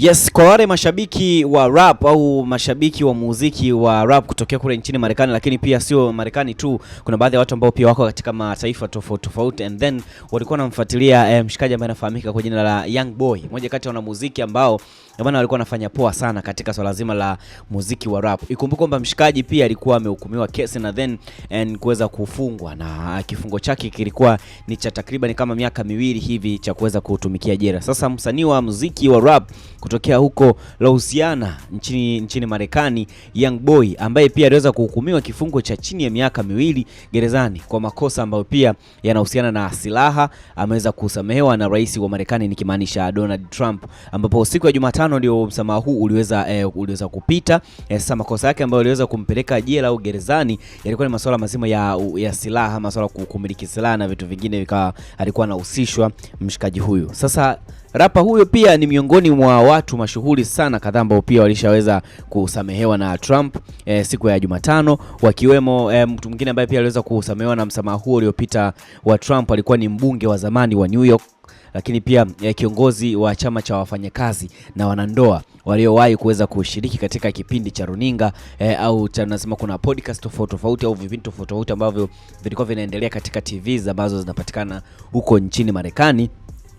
Yes, kwa wale mashabiki wa rap au mashabiki wa muziki wa rap kutokea kule nchini Marekani, lakini pia sio Marekani tu, kuna baadhi ya watu ambao pia wako katika mataifa tofauti tofauti, and then walikuwa wanamfuatilia eh, mshikaji ambaye anafahamika kwa jina la Young Boy, mmoja kati ya wanamuziki ambao bwana walikuwa wanafanya poa sana katika swala zima la muziki wa rap. Ikumbuke kwamba mshikaji pia alikuwa amehukumiwa kesi na then and kuweza kufungwa, na kifungo chake kilikuwa ni cha takriban kama miaka miwili hivi cha kuweza kutumikia jela. Sasa msanii wa muziki wa rap kutokea huko Louisiana nchini, nchini Marekani, Young Boy ambaye pia aliweza kuhukumiwa kifungo cha chini ya miaka miwili gerezani kwa makosa ambayo pia yanahusiana na silaha, ameweza kusamehewa na rais wa Marekani nikimaanisha Donald Trump, ambapo siku ya Jumatano ndio msamaha huu uliweza, eh, uliweza kupita. Eh, sasa makosa yake ambayo aliweza kumpeleka jela au gerezani yalikuwa ni masuala mazima ya, ya silaha, masuala kumiliki silaha na vitu vingine, vikawa alikuwa anahusishwa mshikaji huyu sasa Rapa huyo pia ni miongoni mwa watu mashuhuri sana kadhaa ambao pia walishaweza kusamehewa na Trump e, siku ya Jumatano wakiwemo e, mtu mwingine ambaye pia aliweza kusamehewa na msamaha huo uliopita wa Trump alikuwa ni mbunge wa zamani wa New York lakini pia e, kiongozi wa chama cha wafanyakazi na wanandoa waliowahi kuweza kushiriki katika kipindi cha runinga e, au tunasema kuna podcast tofauti tofauti au vipindi tofauti tofauti ambavyo vilikuwa vinaendelea katika TV ambazo zinapatikana huko nchini Marekani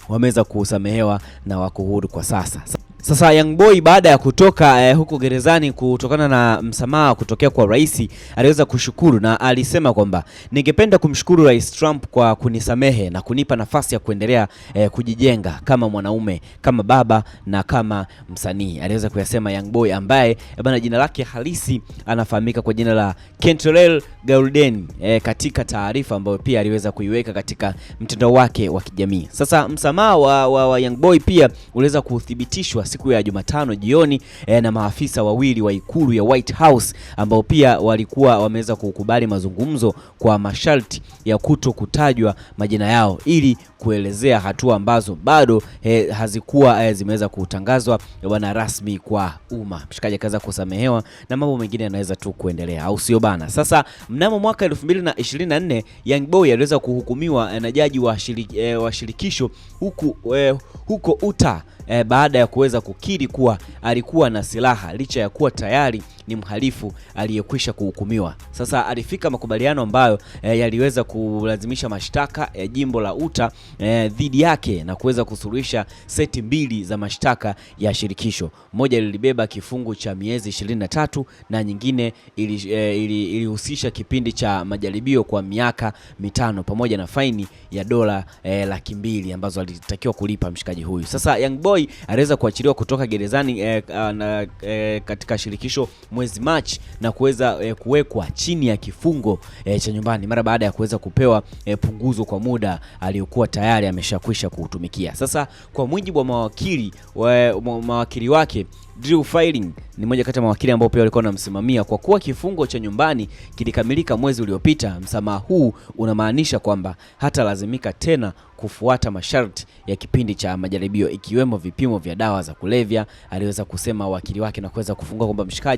wameweza kusamehewa na wako huru kwa sasa. Sasa Young Boy baada ya kutoka eh, huko gerezani kutokana na msamaha kutokea kwa rais, aliweza kushukuru na alisema kwamba ningependa kumshukuru Rais Trump kwa kunisamehe na kunipa nafasi ya kuendelea eh, kujijenga kama mwanaume, kama baba na kama msanii. Aliweza kuyasema Young Boy ambaye eh, bana jina lake halisi anafahamika kwa jina la Kentrell Golden eh, katika taarifa ambayo pia aliweza kuiweka katika mtandao wake wa kijamii. Sasa msamaha wa, wa, wa Young Boy pia uliweza kuthibitishwa siku ya Jumatano jioni eh, na maafisa wawili wa ikulu ya White House ambao pia walikuwa wameweza kukubali mazungumzo kwa masharti ya kuto kutajwa majina yao ili kuelezea hatua ambazo bado eh, hazikuwa eh, zimeweza kutangazwa eh, bwana rasmi kwa umma. Mshikaji akaweza kusamehewa na mambo mengine yanaweza tu kuendelea, au sio bana? Sasa mnamo mwaka 2024 Young Boy aliweza kuhukumiwa eh, na jaji wa, shirik, eh, wa shirikisho huku eh, huko Utah eh, baada ya kuweza kukiri kuwa alikuwa na silaha licha ya kuwa tayari ni mhalifu aliyekwisha kuhukumiwa. Sasa alifika makubaliano ambayo e, yaliweza kulazimisha mashtaka ya e, jimbo la Utah e, dhidi yake na kuweza kusuluhisha seti mbili za mashtaka ya shirikisho. Moja lilibeba kifungu cha miezi 23 na nyingine eh, ilihusisha e, ili, ili kipindi cha majaribio kwa miaka mitano pamoja na faini ya dola e, laki mbili ambazo alitakiwa kulipa mshikaji huyu. Sasa Young Boy aliweza kuachiliwa kutoka gerezani e, a, na, e, katika shirikisho mwezi Machi na kuweza e, kuwekwa chini ya kifungo e, cha nyumbani mara baada ya kuweza kupewa e, punguzo kwa muda aliyokuwa tayari ameshakwisha kuutumikia. Sasa kwa mujibu wa mawakili wa, mawakili wake Drew Filing ni mmoja kati ya mawakili ambao pia walikuwa wanamsimamia. Kwa kuwa kifungo cha nyumbani kilikamilika mwezi uliopita, msamaha huu unamaanisha kwamba hatalazimika tena kufuata masharti ya kipindi cha majaribio, ikiwemo vipimo vya dawa za kulevya, aliweza kusema wakili wake na kuweza kufungua kwamba mshikaji